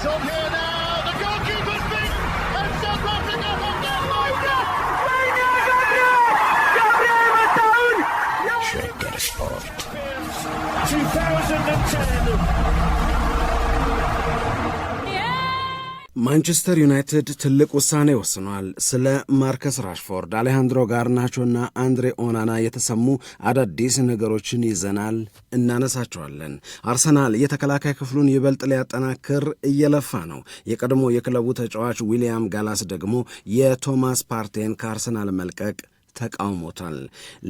It's on here. ማንቸስተር ዩናይትድ ትልቅ ውሳኔ ወስኗል። ስለ ማርከስ ራሽፎርድ፣ አሌሃንድሮ ጋርናቾና አንድሬ ኦናና የተሰሙ አዳዲስ ነገሮችን ይዘናል፣ እናነሳቸዋለን። አርሰናል የተከላካይ ክፍሉን ይበልጥ ሊያጠናክር እየለፋ ነው። የቀድሞ የክለቡ ተጫዋች ዊሊያም ጋላስ ደግሞ የቶማስ ፓርቴን ከአርሰናል መልቀቅ ተቃውሞታል።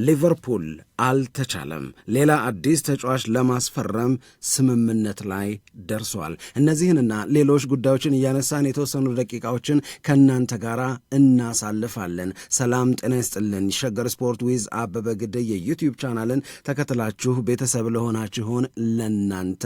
ሊቨርፑል አልተቻለም፣ ሌላ አዲስ ተጫዋች ለማስፈረም ስምምነት ላይ ደርሷል። እነዚህንና ሌሎች ጉዳዮችን እያነሳን የተወሰኑ ደቂቃዎችን ከእናንተ ጋር እናሳልፋለን። ሰላም ጤና ይስጥልን። ሸገር ስፖርት ዊዝ አበበ ግደይ የዩትዩብ ቻናልን ተከትላችሁ ቤተሰብ ለሆናችሁን ለናንተ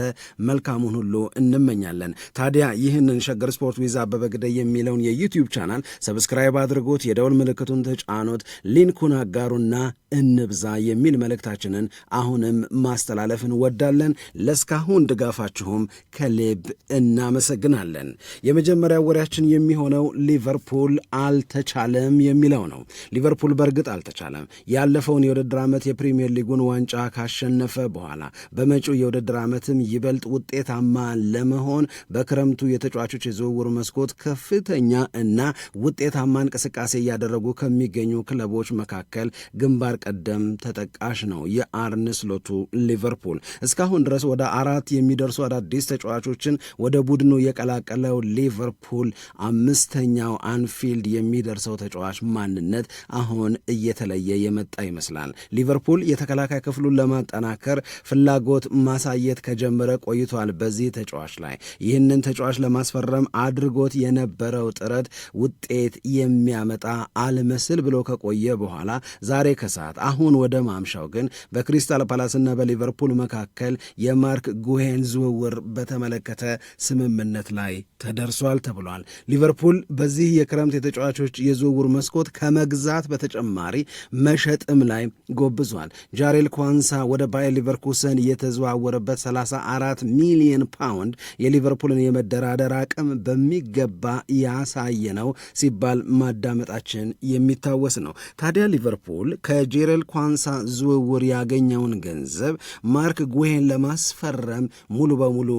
መልካሙን ሁሉ እንመኛለን። ታዲያ ይህንን ሸገር ስፖርት ዊዝ አበበ ግደይ የሚለውን የዩትዩብ ቻናል ሰብስክራይብ አድርጎት የደውል ምልክቱን ተጫኖት ሊን ታሪኩን አጋሩና እንብዛ የሚል መልእክታችንን አሁንም ማስተላለፍ እንወዳለን። ለእስካሁን ድጋፋችሁም ከልብ እናመሰግናለን። የመጀመሪያ ወሬያችን የሚሆነው ሊቨርፑል አልተቻለም የሚለው ነው። ሊቨርፑል በእርግጥ አልተቻለም። ያለፈውን የውድድር ዓመት የፕሪምየር ሊጉን ዋንጫ ካሸነፈ በኋላ በመጪው የውድድር ዓመትም ይበልጥ ውጤታማ ለመሆን በክረምቱ የተጫዋቾች የዝውውር መስኮት ከፍተኛ እና ውጤታማ እንቅስቃሴ እያደረጉ ከሚገኙ ክለቦች መካከል ግንባር ቀደም ተጠቃሽ ነው። የአርነ ስሎቱ ሊቨርፑል እስካሁን ድረስ ወደ አራት የሚደርሱ አዳዲስ ተጫዋቾችን ወደ ቡድኑ የቀላቀለው ሊቨርፑል አምስተኛው አንፊልድ የሚደርሰው ተጫዋች ማንነት አሁን እየተለየ የመጣ ይመስላል። ሊቨርፑል የተከላካይ ክፍሉን ለማጠናከር ፍላጎት ማሳየት ከጀመረ ቆይቷል። በዚህ ተጫዋች ላይ ይህንን ተጫዋች ለማስፈረም አድርጎት የነበረው ጥረት ውጤት የሚያመጣ አልመስል ብሎ ከቆየ በኋላ ዛሬ ከሰዓት አሁን ወደ ማምሻው ግን በክሪስታል ፓላስና በሊቨርፑል መካከል የማርክ ጉሄን ዝውውር በተመለከተ ስምምነት ላይ ተደርሷል ተብሏል። ሊቨርፑል በዚህ የክረምት የተጫዋቾች የዝውውር መስኮት ከመግዛት በተጨማሪ መሸጥም ላይ ጎብዟል። ጃሬል ኳንሳ ወደ ባየር ሊቨርኩሰን የተዘዋወረበት 34 ሚሊዮን ፓውንድ የሊቨርፑልን የመደራደር አቅም በሚገባ ያሳየ ነው ሲባል ማዳመጣችን የሚታወስ ነው። ታዲያ ሊቨርፑል ከጄረል ኳንሳ ዝውውር ያገኘውን ገንዘብ ማርክ ጉሄን ለማስፈረም ሙሉ በሙሉ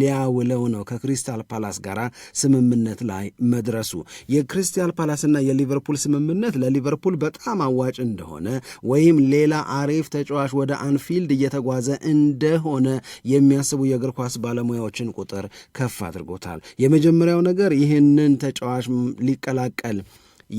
ሊያውለው ነው ከክሪስታል ፓላስ ጋር ስምምነት ላይ መድረሱ። የክሪስታል ፓላስና የሊቨርፑል ስምምነት ለሊቨርፑል በጣም አዋጭ እንደሆነ ወይም ሌላ አሪፍ ተጫዋች ወደ አንፊልድ እየተጓዘ እንደሆነ የሚያስቡ የእግር ኳስ ባለሙያዎችን ቁጥር ከፍ አድርጎታል። የመጀመሪያው ነገር ይህንን ተጫዋች ሊቀላቀል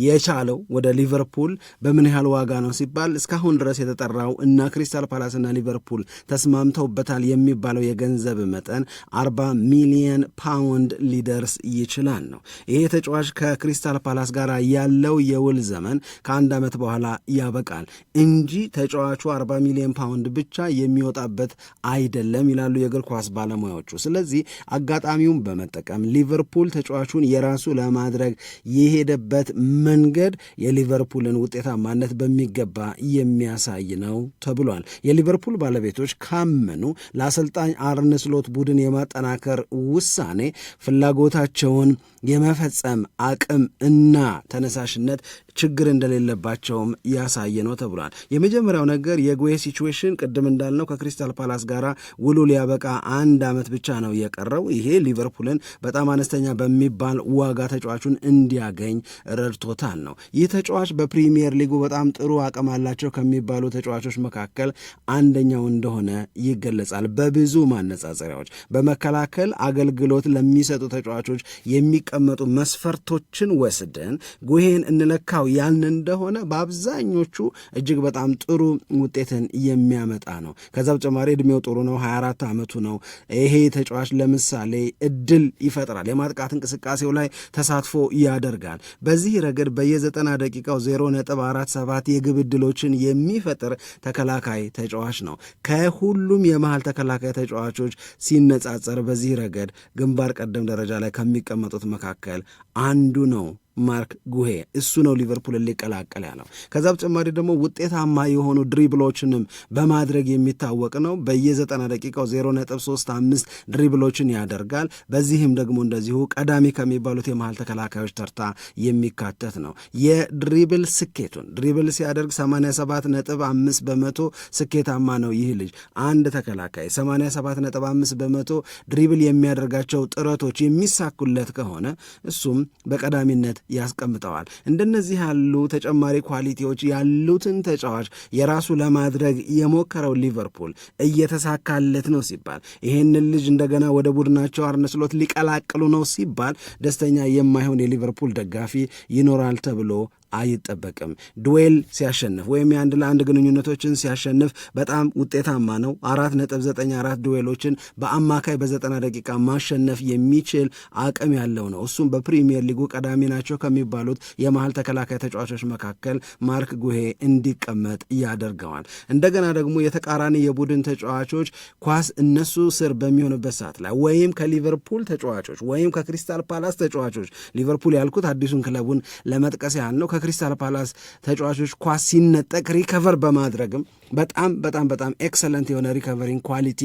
የቻለው ወደ ሊቨርፑል በምን ያህል ዋጋ ነው ሲባል እስካሁን ድረስ የተጠራው እና ክሪስታል ፓላስና ሊቨርፑል ተስማምተውበታል የሚባለው የገንዘብ መጠን 40 ሚሊየን ፓውንድ ሊደርስ ይችላል ነው። ይሄ ተጫዋች ከክሪስታል ፓላስ ጋር ያለው የውል ዘመን ከአንድ ዓመት በኋላ ያበቃል እንጂ ተጫዋቹ 40 ሚሊዮን ፓውንድ ብቻ የሚወጣበት አይደለም ይላሉ የእግር ኳስ ባለሙያዎቹ። ስለዚህ አጋጣሚውን በመጠቀም ሊቨርፑል ተጫዋቹን የራሱ ለማድረግ የሄደበት መንገድ የሊቨርፑልን ውጤታማነት በሚገባ የሚያሳይ ነው ተብሏል። የሊቨርፑል ባለቤቶች ካመኑ ለአሰልጣኝ አርነ ስሎት ቡድን የማጠናከር ውሳኔ ፍላጎታቸውን የመፈጸም አቅም እና ተነሳሽነት ችግር እንደሌለባቸውም ያሳየ ነው ተብሏል። የመጀመሪያው ነገር የጉዌ ሲቹዌሽን ቅድም እንዳልነው ከክሪስታል ፓላስ ጋር ውሉ ሊያበቃ አንድ ዓመት ብቻ ነው የቀረው። ይሄ ሊቨርፑልን በጣም አነስተኛ በሚባል ዋጋ ተጫዋቹን እንዲያገኝ ረድቶታል ነው። ይህ ተጫዋች በፕሪሚየር ሊጉ በጣም ጥሩ አቅም አላቸው ከሚባሉ ተጫዋቾች መካከል አንደኛው እንደሆነ ይገለጻል። በብዙ ማነጻጸሪያዎች በመከላከል አገልግሎት ለሚሰጡ ተጫዋቾች የሚቀ የተቀመጡ መስፈርቶችን ወስደን ጉሄን እንለካው ያልን እንደሆነ በአብዛኞቹ እጅግ በጣም ጥሩ ውጤትን የሚያመጣ ነው። ከዛ በተጨማሪ እድሜው ጥሩ ነው፣ 24 ዓመቱ ነው። ይሄ ተጫዋች ለምሳሌ እድል ይፈጥራል፣ የማጥቃት እንቅስቃሴው ላይ ተሳትፎ ያደርጋል። በዚህ ረገድ በየዘጠና ደቂቃው 0.47 የግብ እድሎችን የሚፈጥር ተከላካይ ተጫዋች ነው። ከሁሉም የመሃል ተከላካይ ተጫዋቾች ሲነጻጸር በዚህ ረገድ ግንባር ቀደም ደረጃ ላይ ከሚቀመጡት መካከል መካከል አንዱ ነው ማርክ ጉሄ እሱ ነው ሊቨርፑል ሊቀላቀል ያለው። ከዛ በተጨማሪ ደግሞ ውጤታማ የሆኑ ድሪብሎችንም በማድረግ የሚታወቅ ነው። በየ90 ደቂቃው 0.35 ድሪብሎችን ያደርጋል። በዚህም ደግሞ እንደዚሁ ቀዳሚ ከሚባሉት የመሃል ተከላካዮች ተርታ የሚካተት ነው። የድሪብል ስኬቱን ድሪብል ሲያደርግ 87.5 በመቶ ስኬታማ ነው ይህ ልጅ። አንድ ተከላካይ 87.5 በመቶ ድሪብል የሚያደርጋቸው ጥረቶች የሚሳኩለት ከሆነ እሱም በቀዳሚነት ያስቀምጠዋል። እንደነዚህ ያሉ ተጨማሪ ኳሊቲዎች ያሉትን ተጫዋች የራሱ ለማድረግ የሞከረው ሊቨርፑል እየተሳካለት ነው ሲባል ይህንን ልጅ እንደገና ወደ ቡድናቸው አርነስሎት ሊቀላቅሉ ነው ሲባል ደስተኛ የማይሆን የሊቨርፑል ደጋፊ ይኖራል ተብሎ አይጠበቅም። ዱዌል ሲያሸንፍ ወይም የአንድ ለአንድ ግንኙነቶችን ሲያሸንፍ በጣም ውጤታማ ነው። አራት ነጥብ ዘጠኝ አራት ዱዌሎችን በአማካይ በዘጠና ደቂቃ ማሸነፍ የሚችል አቅም ያለው ነው። እሱም በፕሪሚየር ሊጉ ቀዳሚ ናቸው ከሚባሉት የመሀል ተከላካይ ተጫዋቾች መካከል ማርክ ጉሄ እንዲቀመጥ ያደርገዋል። እንደገና ደግሞ የተቃራኒ የቡድን ተጫዋቾች ኳስ እነሱ ስር በሚሆንበት ሰዓት ላይ ወይም ከሊቨርፑል ተጫዋቾች ወይም ከክሪስታል ፓላስ ተጫዋቾች ሊቨርፑል ያልኩት አዲሱን ክለቡን ለመጥቀስ ያህል ነው ከክሪስታል ፓላስ ተጫዋቾች ኳስ ሲነጠቅ ሪከቨር በማድረግም በጣም በጣም በጣም ኤክሰለንት የሆነ ሪከቨሪንግ ኳሊቲ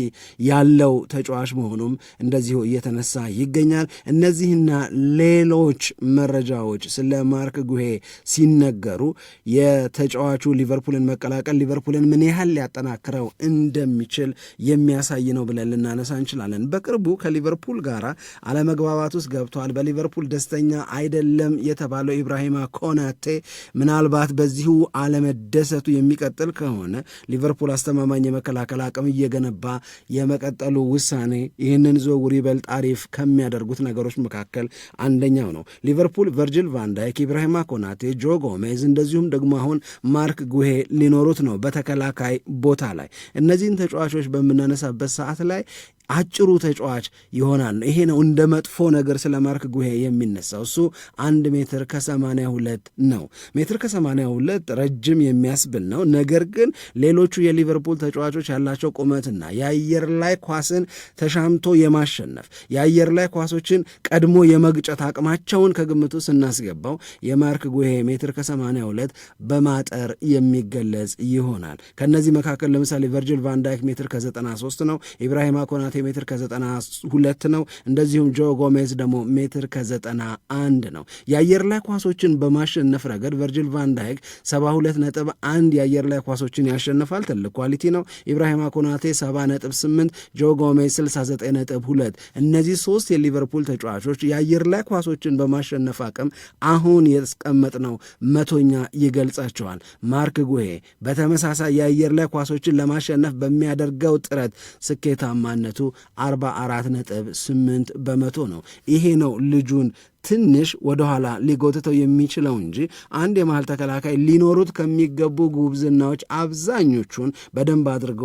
ያለው ተጫዋች መሆኑም እንደዚሁ እየተነሳ ይገኛል። እነዚህና ሌሎች መረጃዎች ስለ ማርክ ጉሄ ሲነገሩ የተጫዋቹ ሊቨርፑልን መቀላቀል ሊቨርፑልን ምን ያህል ሊያጠናክረው እንደሚችል የሚያሳይ ነው ብለን ልናነሳ እንችላለን። በቅርቡ ከሊቨርፑል ጋር አለመግባባት ውስጥ ገብተዋል። በሊቨርፑል ደስተኛ አይደለም የተባለው ኢብራሂማ ኮናቴ ምናልባት በዚሁ አለመደሰቱ የሚቀጥል ከሆነ ሊቨርፑል አስተማማኝ የመከላከል አቅም እየገነባ የመቀጠሉ ውሳኔ ይህንን ዝውውር ይበልጥ አሪፍ ከሚያደርጉት ነገሮች መካከል አንደኛው ነው። ሊቨርፑል ቨርጅል ቫንዳይክ፣ ኢብራሂማ ኮናቴ፣ ጆ ጎሜዝ እንደዚሁም ደግሞ አሁን ማርክ ጉሄ ሊኖሩት ነው በተከላካይ ቦታ ላይ እነዚህን ተጫዋቾች በምናነሳበት ሰዓት ላይ አጭሩ ተጫዋች ይሆናል ነው። ይሄ ነው እንደ መጥፎ ነገር ስለ ማርክ ጉሄ የሚነሳው። እሱ አንድ ሜትር ከሰማንያ ሁለት ነው። ሜትር ከሰማንያ ሁለት ረጅም የሚያስብል ነው። ነገር ግን ሌሎቹ የሊቨርፑል ተጫዋቾች ያላቸው ቁመትና የአየር ላይ ኳስን ተሻምቶ የማሸነፍ የአየር ላይ ኳሶችን ቀድሞ የመግጨት አቅማቸውን ከግምቱ ስናስገባው የማርክ ጉሄ ሜትር ከሰማንያ ሁለት በማጠር የሚገለጽ ይሆናል። ከእነዚህ መካከል ለምሳሌ ቨርጅል ቫንዳይክ ሜትር ከዘጠና ሶስት ነው። ኢብራሂም አኮናቴ ሜትር ከዘጠና ሁለት ነው። እንደዚሁም ጆ ጎሜዝ ደግሞ ሜትር ከዘጠና አንድ ነው። የአየር ላይ ኳሶችን በማሸነፍ ረገድ ቨርጅል ቫን ዳይክ ሰባ ሁለት ነጥብ አንድ የአየር ላይ ኳሶችን ያሸንፋል። ትልቅ ኳሊቲ ነው። ኢብራሂማ ኮናቴ ሰባ ነጥብ ስምንት ጆ ጎሜዝ ስልሳ ዘጠኝ ነጥብ ሁለት እነዚህ ሶስት የሊቨርፑል ተጫዋቾች የአየር ላይ ኳሶችን በማሸነፍ አቅም አሁን የተቀመጥነው መቶኛ ይገልጻቸዋል። ማርክ ጉሄ በተመሳሳይ የአየር ላይ ኳሶችን ለማሸነፍ በሚያደርገው ጥረት ስኬታማነቱ 44.8 በመቶ ነው። ይሄ ነው ልጁን ትንሽ ወደኋላ ሊጎትተው የሚችለው እንጂ አንድ የመሃል ተከላካይ ሊኖሩት ከሚገቡ ጉብዝናዎች አብዛኞቹን በደንብ አድርጎ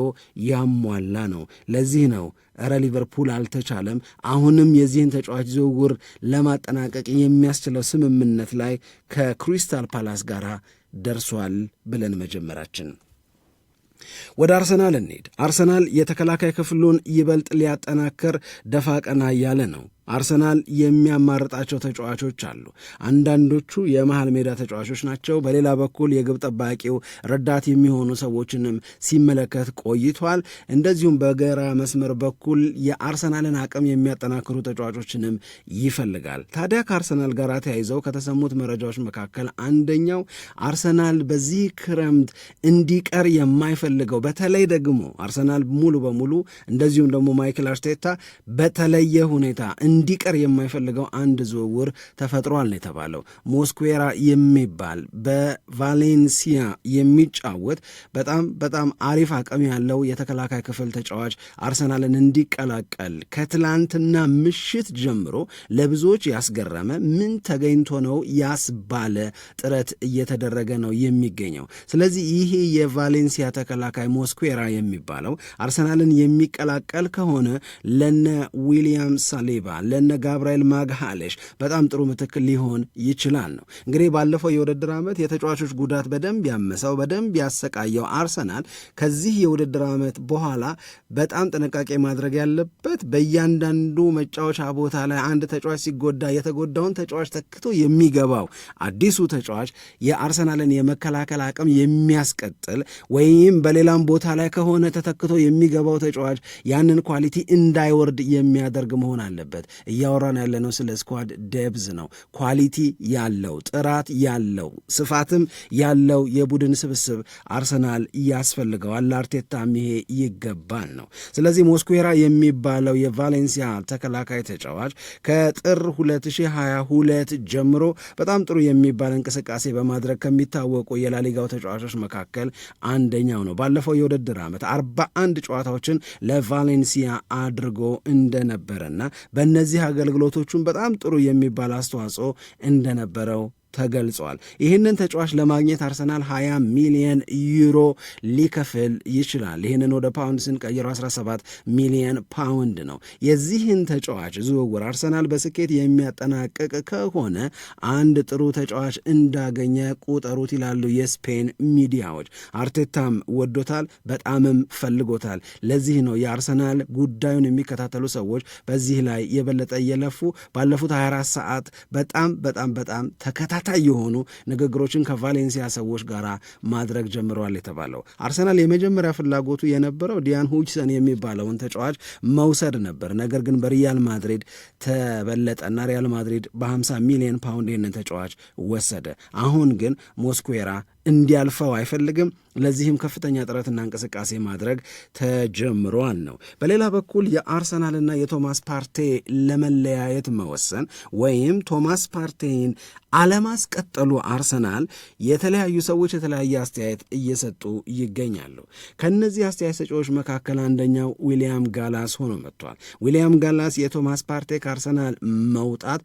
ያሟላ ነው። ለዚህ ነው እረ ሊቨርፑል አልተቻለም፣ አሁንም የዚህን ተጫዋች ዝውውር ለማጠናቀቅ የሚያስችለው ስምምነት ላይ ከክሪስታል ፓላስ ጋር ደርሷል ብለን መጀመራችን ወደ አርሰናል እንሄድ። አርሰናል የተከላካይ ክፍሉን ይበልጥ ሊያጠናክር ደፋ ቀና እያለ ነው። አርሰናል የሚያማርጣቸው ተጫዋቾች አሉ። አንዳንዶቹ የመሃል ሜዳ ተጫዋቾች ናቸው። በሌላ በኩል የግብ ጠባቂው ረዳት የሚሆኑ ሰዎችንም ሲመለከት ቆይቷል። እንደዚሁም በግራ መስመር በኩል የአርሰናልን አቅም የሚያጠናክሩ ተጫዋቾችንም ይፈልጋል። ታዲያ ከአርሰናል ጋር ተያይዘው ከተሰሙት መረጃዎች መካከል አንደኛው አርሰናል በዚህ ክረምት እንዲቀር የማይፈልገው በተለይ ደግሞ አርሰናል ሙሉ በሙሉ እንደዚሁም ደግሞ ማይክል አርቴታ በተለየ ሁኔታ እንዲቀር የማይፈልገው አንድ ዝውውር ተፈጥሯል ነው የተባለው። ሞስኩዌራ የሚባል በቫሌንሲያ የሚጫወት በጣም በጣም አሪፍ አቅም ያለው የተከላካይ ክፍል ተጫዋች አርሰናልን እንዲቀላቀል ከትላንትና ምሽት ጀምሮ ለብዙዎች ያስገረመ ምን ተገኝቶ ነው ያስባለ ጥረት እየተደረገ ነው የሚገኘው። ስለዚህ ይሄ የቫሌንሲያ ተከላካይ ሞስኩዌራ የሚባለው አርሰናልን የሚቀላቀል ከሆነ ለነ ዊሊያም ሳሌባ ይሆናል። ለነ ጋብርኤል ማግሃሌሽ በጣም ጥሩ ምትክል ሊሆን ይችላል ነው እንግዲህ ባለፈው የውድድር ዓመት የተጫዋቾች ጉዳት በደንብ ያመሰው በደንብ ያሰቃየው አርሰናል ከዚህ የውድድር ዓመት በኋላ በጣም ጥንቃቄ ማድረግ ያለበት በእያንዳንዱ መጫወቻ ቦታ ላይ አንድ ተጫዋች ሲጎዳ የተጎዳውን ተጫዋች ተክቶ የሚገባው አዲሱ ተጫዋች የአርሰናልን የመከላከል አቅም የሚያስቀጥል ወይም በሌላም ቦታ ላይ ከሆነ ተተክቶ የሚገባው ተጫዋች ያንን ኳሊቲ እንዳይወርድ የሚያደርግ መሆን አለበት። እያወራን ያለነው ስለ ስኳድ ደብዝ ነው። ኳሊቲ ያለው ጥራት ያለው ስፋትም ያለው የቡድን ስብስብ አርሰናል ያስፈልገዋል። ለአርቴታ ይሄ ይገባል ነው። ስለዚህ ሞስኩዌራ የሚባለው የቫሌንሲያ ተከላካይ ተጫዋች ከጥር 2022 ጀምሮ በጣም ጥሩ የሚባል እንቅስቃሴ በማድረግ ከሚታወቁ የላሊጋው ተጫዋቾች መካከል አንደኛው ነው። ባለፈው የውድድር ዓመት 41 ጨዋታዎችን ለቫሌንሲያ አድርጎ እንደነበረና በነ ለዚህ አገልግሎቶቹን በጣም ጥሩ የሚባል አስተዋጽኦ እንደነበረው ተገልጿል። ይህንን ተጫዋች ለማግኘት አርሰናል 20 ሚሊየን ዩሮ ሊከፍል ይችላል። ይህንን ወደ ፓውንድ ስንቀይረው 17 ሚሊየን ፓውንድ ነው። የዚህን ተጫዋች ዝውውር አርሰናል በስኬት የሚያጠናቅቅ ከሆነ አንድ ጥሩ ተጫዋች እንዳገኘ ቁጠሩት ይላሉ የስፔን ሚዲያዎች። አርቴታም ወዶታል፣ በጣምም ፈልጎታል። ለዚህ ነው የአርሰናል ጉዳዩን የሚከታተሉ ሰዎች በዚህ ላይ የበለጠ እየለፉ ባለፉት 24 ሰዓት በጣም በጣም በጣም ተከታ ተከታታይ የሆኑ ንግግሮችን ከቫሌንሲያ ሰዎች ጋር ማድረግ ጀምረዋል የተባለው አርሰናል የመጀመሪያ ፍላጎቱ የነበረው ዲያን ሁጅሰን የሚባለውን ተጫዋች መውሰድ ነበር። ነገር ግን በሪያል ማድሪድ ተበለጠና ሪያል ማድሪድ በ50 ሚሊዮን ፓውንድ ይህንን ተጫዋች ወሰደ። አሁን ግን ሞስኩዌራ እንዲያልፈው አይፈልግም። ለዚህም ከፍተኛ ጥረትና እንቅስቃሴ ማድረግ ተጀምሯል ነው። በሌላ በኩል የአርሰናልና የቶማስ ፓርቴ ለመለያየት መወሰን ወይም ቶማስ ፓርቴን አለማስቀጠሉ አርሰናል የተለያዩ ሰዎች የተለያየ አስተያየት እየሰጡ ይገኛሉ። ከእነዚህ አስተያየት ሰጪዎች መካከል አንደኛው ዊሊያም ጋላስ ሆኖ መጥቷል። ዊልያም ጋላስ የቶማስ ፓርቴ ከአርሰናል መውጣት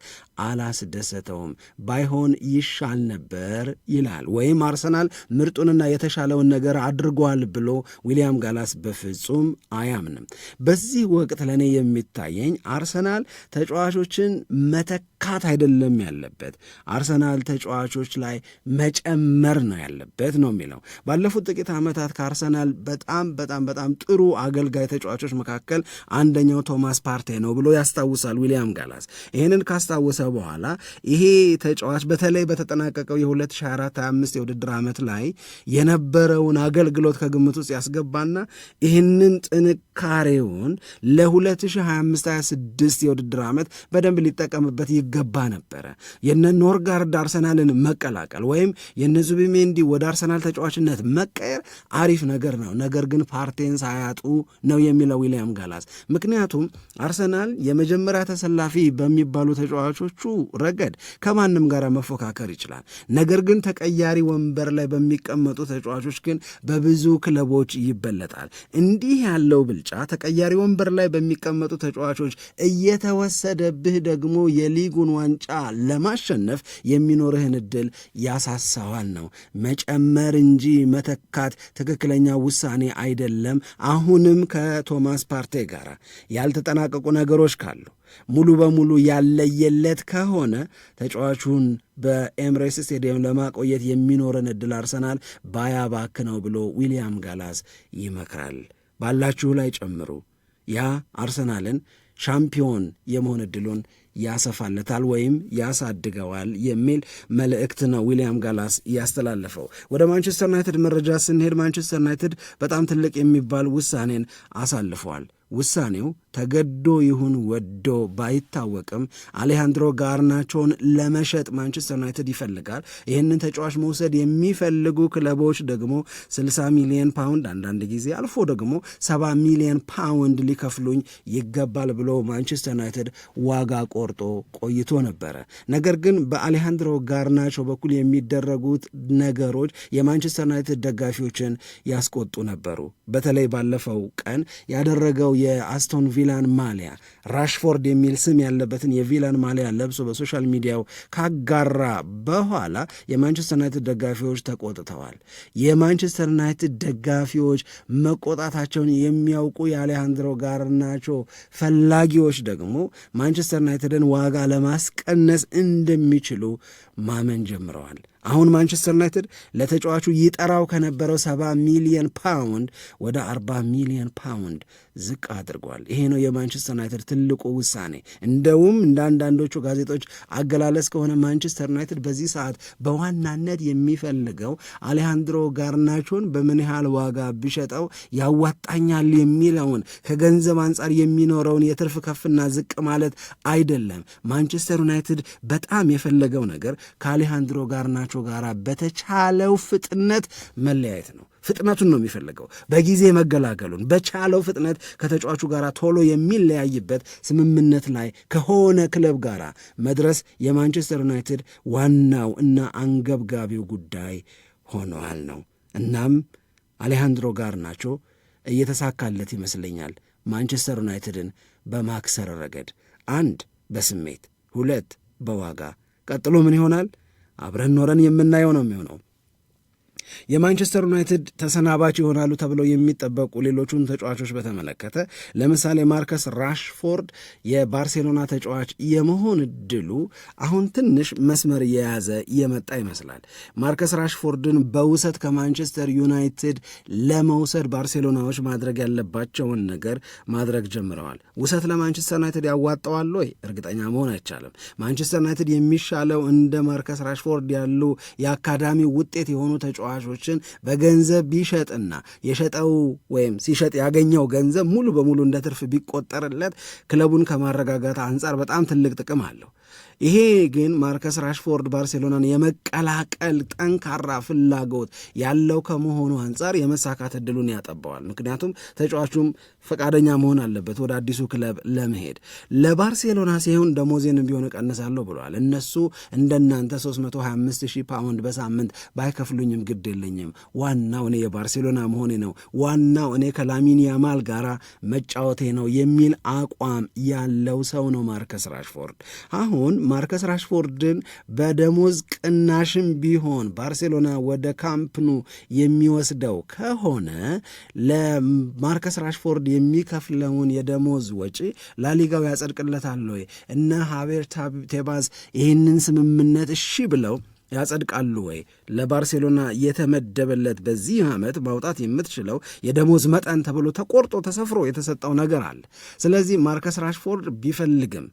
አላስደሰተውም፣ ባይሆን ይሻል ነበር ይላል ወይም አርሰናል አርሰናል ምርጡንና የተሻለውን ነገር አድርጓል ብሎ ዊሊያም ጋላስ በፍጹም አያምንም። በዚህ ወቅት ለእኔ የሚታየኝ አርሰናል ተጫዋቾችን መተ መተካት አይደለም ያለበት፣ አርሰናል ተጫዋቾች ላይ መጨመር ነው ያለበት ነው የሚለው። ባለፉት ጥቂት ዓመታት ከአርሰናል በጣም በጣም በጣም ጥሩ አገልጋይ ተጫዋቾች መካከል አንደኛው ቶማስ ፓርቴ ነው ብሎ ያስታውሳል ዊሊያም ጋላስ። ይህንን ካስታወሰ በኋላ ይሄ ተጫዋች በተለይ በተጠናቀቀው የ2024/25 የውድድር ዓመት ላይ የነበረውን አገልግሎት ከግምት ውስጥ ያስገባና ይህንን ጥንካሬውን ለ2025/26 የውድድር ዓመት በደንብ ሊጠቀምበት ይገባ ነበረ። የነ ኖርጋርድ አርሰናልን መቀላቀል ወይም የነ ዙቢሜንዲ ወደ አርሰናል ተጫዋችነት መቀየር አሪፍ ነገር ነው፣ ነገር ግን ፓርቴን ሳያጡ ነው የሚለው ዊሊያም ጋላስ። ምክንያቱም አርሰናል የመጀመሪያ ተሰላፊ በሚባሉ ተጫዋቾቹ ረገድ ከማንም ጋር መፎካከር ይችላል። ነገር ግን ተቀያሪ ወንበር ላይ በሚቀመጡ ተጫዋቾች ግን በብዙ ክለቦች ይበለጣል። እንዲህ ያለው ብልጫ ተቀያሪ ወንበር ላይ በሚቀመጡ ተጫዋቾች እየተወሰደብህ ደግሞ የሊጉ የሊጉን ዋንጫ ለማሸነፍ የሚኖርህን እድል ያሳሰዋል ነው። መጨመር እንጂ መተካት ትክክለኛ ውሳኔ አይደለም። አሁንም ከቶማስ ፓርቴ ጋር ያልተጠናቀቁ ነገሮች ካሉ ሙሉ በሙሉ ያለየለት ከሆነ ተጫዋቹን በኤምሬስ ስቴዲየም ለማቆየት የሚኖረን እድል አርሰናል ባያባክ ነው ብሎ ዊልያም ጋላስ ይመክራል። ባላችሁ ላይ ጨምሩ። ያ አርሰናልን ሻምፒዮን የመሆን እድሉን ያሰፋለታል ወይም ያሳድገዋል የሚል መልእክት ነው ዊሊያም ጋላስ ያስተላለፈው። ወደ ማንቸስተር ዩናይትድ መረጃ ስንሄድ ማንቸስተር ዩናይትድ በጣም ትልቅ የሚባል ውሳኔን አሳልፈዋል። ውሳኔው ተገዶ ይሁን ወዶ ባይታወቅም አሌሃንድሮ ጋርናቾን ለመሸጥ ማንቸስተር ዩናይትድ ይፈልጋል። ይህንን ተጫዋች መውሰድ የሚፈልጉ ክለቦች ደግሞ 60 ሚሊዮን ፓውንድ አንዳንድ ጊዜ አልፎ ደግሞ 70 ሚሊዮን ፓውንድ ሊከፍሉኝ ይገባል ብሎ ማንቸስተር ዩናይትድ ዋጋ ቆርጦ ቆይቶ ነበረ። ነገር ግን በአሌሃንድሮ ጋርናቾ በኩል የሚደረጉት ነገሮች የማንቸስተር ዩናይትድ ደጋፊዎችን ያስቆጡ ነበሩ። በተለይ ባለፈው ቀን ያደረገው የአስቶን የቪላን ማሊያ ራሽፎርድ የሚል ስም ያለበትን የቪላን ማሊያ ለብሶ በሶሻል ሚዲያው ካጋራ በኋላ የማንቸስተር ዩናይትድ ደጋፊዎች ተቆጥተዋል። የማንቸስተር ዩናይትድ ደጋፊዎች መቆጣታቸውን የሚያውቁ የአሌሃንድሮ ጋርናቾ ፈላጊዎች ደግሞ ማንቸስተር ዩናይትድን ዋጋ ለማስቀነስ እንደሚችሉ ማመን ጀምረዋል። አሁን ማንቸስተር ዩናይትድ ለተጫዋቹ ይጠራው ከነበረው 70 ሚሊዮን ፓውንድ ወደ 40 ሚሊዮን ፓውንድ ዝቅ አድርጓል። ይሄ ነው የማንቸስተር ዩናይትድ ትልቁ ውሳኔ። እንደውም እንደ አንዳንዶቹ ጋዜጦች አገላለጽ ከሆነ ማንቸስተር ዩናይትድ በዚህ ሰዓት በዋናነት የሚፈልገው አሌሃንድሮ ጋርናቾን በምን ያህል ዋጋ ቢሸጠው ያዋጣኛል የሚለውን ከገንዘብ አንጻር የሚኖረውን የትርፍ ከፍና ዝቅ ማለት አይደለም። ማንቸስተር ዩናይትድ በጣም የፈለገው ነገር ከአሌሃንድሮ ጋርና ከተጫዋቹ ጋር በተቻለው ፍጥነት መለያየት ነው። ፍጥነቱን ነው የሚፈልገው፣ በጊዜ መገላገሉን በቻለው ፍጥነት ከተጫዋቹ ጋር ቶሎ የሚለያይበት ስምምነት ላይ ከሆነ ክለብ ጋር መድረስ የማንቸስተር ዩናይትድ ዋናው እና አንገብጋቢው ጉዳይ ሆነዋል ነው። እናም አሌሃንድሮ ጋር ናቸው እየተሳካለት ይመስለኛል። ማንቸስተር ዩናይትድን በማክሰር ረገድ አንድ በስሜት ሁለት በዋጋ ቀጥሎ ምን ይሆናል? አብረን ኖረን የምናየው ነው የሚሆነው። የማንቸስተር ዩናይትድ ተሰናባች ይሆናሉ ተብለው የሚጠበቁ ሌሎቹን ተጫዋቾች በተመለከተ ለምሳሌ ማርከስ ራሽፎርድ የባርሴሎና ተጫዋች የመሆን እድሉ አሁን ትንሽ መስመር እየያዘ የመጣ ይመስላል። ማርከስ ራሽፎርድን በውሰት ከማንቸስተር ዩናይትድ ለመውሰድ ባርሴሎናዎች ማድረግ ያለባቸውን ነገር ማድረግ ጀምረዋል። ውሰት ለማንቸስተር ዩናይትድ ያዋጣዋል ወይ? እርግጠኛ መሆን አይቻልም። ማንቸስተር ዩናይትድ የሚሻለው እንደ ማርከስ ራሽፎርድ ያሉ የአካዳሚ ውጤት የሆኑ ተጫዋች ተጫዋቾችን በገንዘብ ቢሸጥና የሸጠው ወይም ሲሸጥ ያገኘው ገንዘብ ሙሉ በሙሉ እንደ ትርፍ ቢቆጠርለት ክለቡን ከማረጋጋት አንጻር በጣም ትልቅ ጥቅም አለው። ይሄ ግን ማርከስ ራሽፎርድ ባርሴሎናን የመቀላቀል ጠንካራ ፍላጎት ያለው ከመሆኑ አንጻር የመሳካት እድሉን ያጠባዋል። ምክንያቱም ተጫዋቹም ፈቃደኛ መሆን አለበት ወደ አዲሱ ክለብ ለመሄድ። ለባርሴሎና ሲሆን ደሞዜንም ቢሆን እቀንሳለሁ ብለዋል። እነሱ እንደናንተ 325 ሺህ ፓውንድ በሳምንት ባይከፍሉኝም ግድ የለኝም። ዋናው እኔ የባርሴሎና መሆኔ ነው። ዋናው እኔ ከላሚን ያማል ጋራ መጫወቴ ነው የሚል አቋም ያለው ሰው ነው ማርከስ ራሽፎርድ አሁን ማርከስ ራሽፎርድን በደሞዝ ቅናሽም ቢሆን ባርሴሎና ወደ ካምፕኑ የሚወስደው ከሆነ ለማርከስ ራሽፎርድ የሚከፍለውን የደሞዝ ወጪ ላሊጋው ያጸድቅለታል ወይ? እነ ሃቤር ቴባዝ ይህንን ስምምነት እሺ ብለው ያጸድቃሉ ወይ? ለባርሴሎና የተመደበለት በዚህ ዓመት ማውጣት የምትችለው የደሞዝ መጠን ተብሎ ተቆርጦ ተሰፍሮ የተሰጠው ነገር አለ። ስለዚህ ማርከስ ራሽፎርድ ቢፈልግም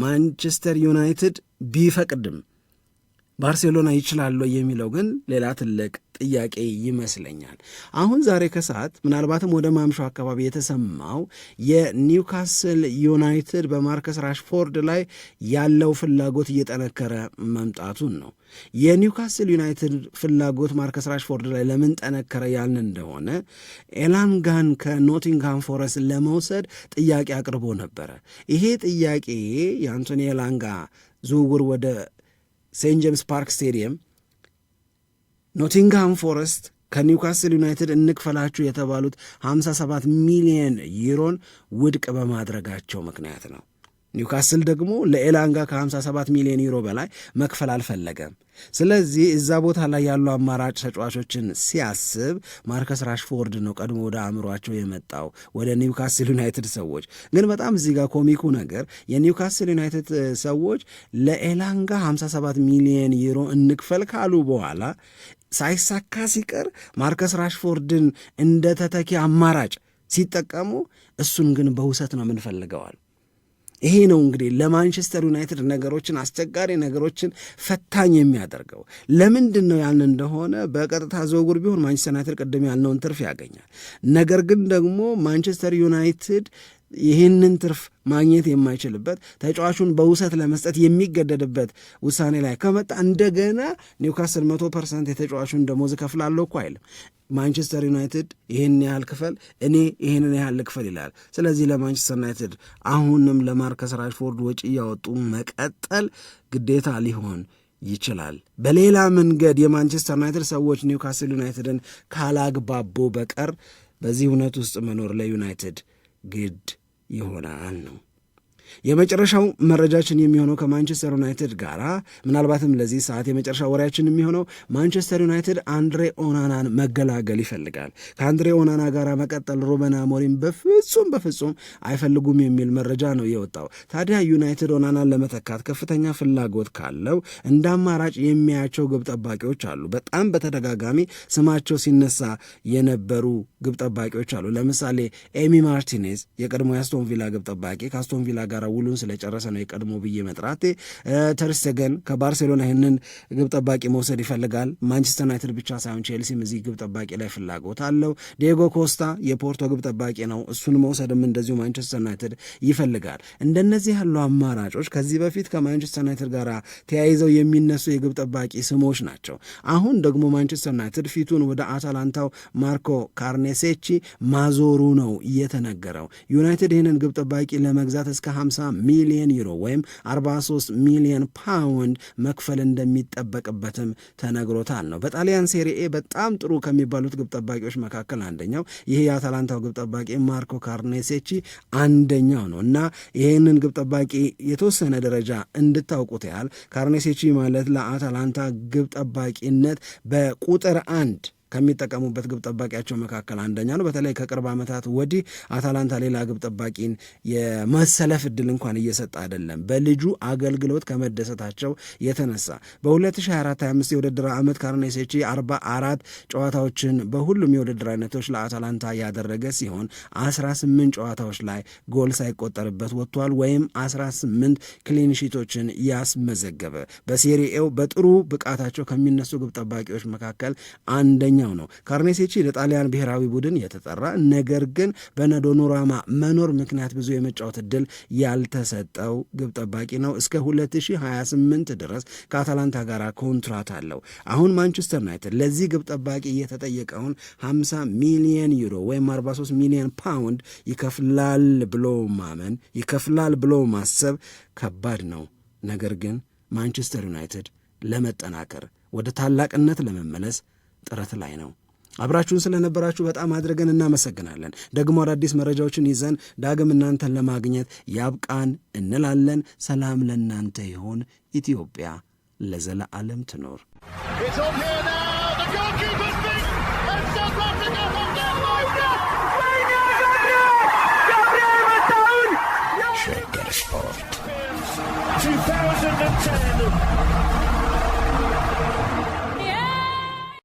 ማንቸስተር ዩናይትድ ቢፈቅድም ባርሴሎና ይችላሉ የሚለው ግን ሌላ ትልቅ ጥያቄ ይመስለኛል። አሁን ዛሬ ከሰዓት ምናልባትም ወደ ማምሻው አካባቢ የተሰማው የኒውካስል ዩናይትድ በማርከስ ራሽፎርድ ላይ ያለው ፍላጎት እየጠነከረ መምጣቱን ነው። የኒውካስል ዩናይትድ ፍላጎት ማርከስ ራሽፎርድ ላይ ለምን ጠነከረ ያልን እንደሆነ ኤላንጋን ከኖቲንግሃም ፎረስ ለመውሰድ ጥያቄ አቅርቦ ነበረ። ይሄ ጥያቄ የአንቶኒ ኤላንጋ ዝውውር ወደ ሴንት ጄምስ ፓርክ ስቴዲየም ኖቲንግሃም ፎረስት ከኒውካስል ዩናይትድ እንክፈላችሁ የተባሉት 57 ሚሊየን ዩሮን ውድቅ በማድረጋቸው ምክንያት ነው። ኒውካስል ደግሞ ለኤላንጋ ከ57 ሚሊዮን ዩሮ በላይ መክፈል አልፈለገም። ስለዚህ እዛ ቦታ ላይ ያሉ አማራጭ ተጫዋቾችን ሲያስብ ማርከስ ራሽፎርድ ነው ቀድሞ ወደ አእምሯቸው የመጣው ወደ ኒውካስል ዩናይትድ ሰዎች። ግን በጣም እዚህ ጋር ኮሚኩ ነገር የኒውካስል ዩናይትድ ሰዎች ለኤላንጋ 57 ሚሊዮን ዩሮ እንክፈል ካሉ በኋላ ሳይሳካ ሲቀር ማርከስ ራሽፎርድን እንደ ተተኪ አማራጭ ሲጠቀሙ፣ እሱን ግን በውሰት ነው የምንፈልገዋል ይሄ ነው እንግዲህ ለማንቸስተር ዩናይትድ ነገሮችን አስቸጋሪ ነገሮችን ፈታኝ የሚያደርገው። ለምንድን ነው ያልን እንደሆነ በቀጥታ ዝውውር ቢሆን ማንቸስተር ዩናይትድ ቅድም ያልነውን ትርፍ ያገኛል። ነገር ግን ደግሞ ማንቸስተር ዩናይትድ ይህንን ትርፍ ማግኘት የማይችልበት ተጫዋቹን በውሰት ለመስጠት የሚገደድበት ውሳኔ ላይ ከመጣ እንደገና ኒውካስል መቶ ፐርሰንት የተጫዋቹን ደሞዝ እከፍላለሁ እኮ አይልም። ማንቸስተር ዩናይትድ ይህን ያህል ክፈል፣ እኔ ይህንን ያህል ልክፈል ይላል። ስለዚህ ለማንቸስተር ዩናይትድ አሁንም ለማርከስ ራሽፎርድ ወጪ እያወጡ መቀጠል ግዴታ ሊሆን ይችላል። በሌላ መንገድ የማንቸስተር ዩናይትድ ሰዎች ኒውካስል ዩናይትድን ካላግባቦ በቀር በዚህ እውነት ውስጥ መኖር ለዩናይትድ ግድ 一会儿来安农。የመጨረሻው መረጃችን የሚሆነው ከማንቸስተር ዩናይትድ ጋር ምናልባትም ለዚህ ሰዓት የመጨረሻ ወሬያችን የሚሆነው ማንቸስተር ዩናይትድ አንድሬ ኦናናን መገላገል ይፈልጋል። ከአንድሬ ኦናና ጋር መቀጠል ሩበን አሞሪም በፍጹም በፍጹም አይፈልጉም የሚል መረጃ ነው የወጣው። ታዲያ ዩናይትድ ኦናናን ለመተካት ከፍተኛ ፍላጎት ካለው እንደ አማራጭ የሚያያቸው ግብ ጠባቂዎች አሉ። በጣም በተደጋጋሚ ስማቸው ሲነሳ የነበሩ ግብ ጠባቂዎች አሉ። ለምሳሌ ኤሚ ማርቲኔዝ የቀድሞ የአስቶን ቪላ ግብ ጠባቂ ከአስቶን ቪላ ጋር ጋር ውሉን ስለጨረሰ ነው የቀድሞ ብዬ መጥራቴ። ተርስተገን ከባርሴሎና ይህንን ግብ ጠባቂ መውሰድ ይፈልጋል። ማንቸስተር ዩናይትድ ብቻ ሳይሆን ቼልሲም እዚህ ግብ ጠባቂ ላይ ፍላጎት አለው። ዲየጎ ኮስታ የፖርቶ ግብ ጠባቂ ነው። እሱን መውሰድም እንደዚሁ ማንቸስተር ዩናይትድ ይፈልጋል። እንደነዚህ ያሉ አማራጮች ከዚህ በፊት ከማንቸስተር ዩናይትድ ጋር ተያይዘው የሚነሱ የግብ ጠባቂ ስሞች ናቸው። አሁን ደግሞ ማንቸስተር ዩናይትድ ፊቱን ወደ አታላንታው ማርኮ ካርኔሴቺ ማዞሩ ነው እየተነገረው። ዩናይትድ ይህንን ግብ ጠባቂ ለመግዛት እስከ 50 ሚሊዮን ዩሮ ወይም 43 ሚሊዮን ፓውንድ መክፈል እንደሚጠበቅበትም ተነግሮታል ነው። በጣሊያን ሴሪኤ በጣም ጥሩ ከሚባሉት ግብ ጠባቂዎች መካከል አንደኛው ይህ የአታላንታው ግብ ጠባቂ ማርኮ ካርኔሴቺ አንደኛው ነው እና ይህንን ግብ ጠባቂ የተወሰነ ደረጃ እንድታውቁት ያህል ካርኔሴቺ ማለት ለአታላንታ ግብ ጠባቂነት በቁጥር አንድ ከሚጠቀሙበት ግብ ጠባቂያቸው መካከል አንደኛ ነው። በተለይ ከቅርብ ዓመታት ወዲህ አታላንታ ሌላ ግብ ጠባቂን የመሰለፍ እድል እንኳን እየሰጠ አይደለም፣ በልጁ አገልግሎት ከመደሰታቸው የተነሳ በ2024/25 የውድድር ዓመት ካርኔሴቺ 44 ጨዋታዎችን በሁሉም የውድድር አይነቶች ለአታላንታ ያደረገ ሲሆን 18 ጨዋታዎች ላይ ጎል ሳይቆጠርበት ወጥቷል፣ ወይም 18 ክሊንሺቶችን ያስመዘገበ በሴሪኤው በጥሩ ብቃታቸው ከሚነሱ ግብ ጠባቂዎች መካከል አንደኛ አንደኛው ነው። ካርኔሴቺ ለጣሊያን ብሔራዊ ቡድን የተጠራ ነገር ግን በነዶኖራማ መኖር ምክንያት ብዙ የመጫወት እድል ያልተሰጠው ግብ ጠባቂ ነው። እስከ 2028 ድረስ ከአታላንታ ጋር ኮንትራት አለው። አሁን ማንቸስተር ዩናይትድ ለዚህ ግብ ጠባቂ የተጠየቀውን 50 ሚሊየን ዩሮ ወይም 43 ሚሊየን ፓውንድ ይከፍላል ብሎ ማመን ይከፍላል ብሎ ማሰብ ከባድ ነው። ነገር ግን ማንቸስተር ዩናይትድ ለመጠናከር ወደ ታላቅነት ለመመለስ ጥረት ላይ ነው። አብራችሁን ስለነበራችሁ በጣም አድርገን እናመሰግናለን። ደግሞ አዳዲስ መረጃዎችን ይዘን ዳግም እናንተን ለማግኘት ያብቃን እንላለን። ሰላም ለእናንተ ይሆን። ኢትዮጵያ ለዘለዓለም ትኖር።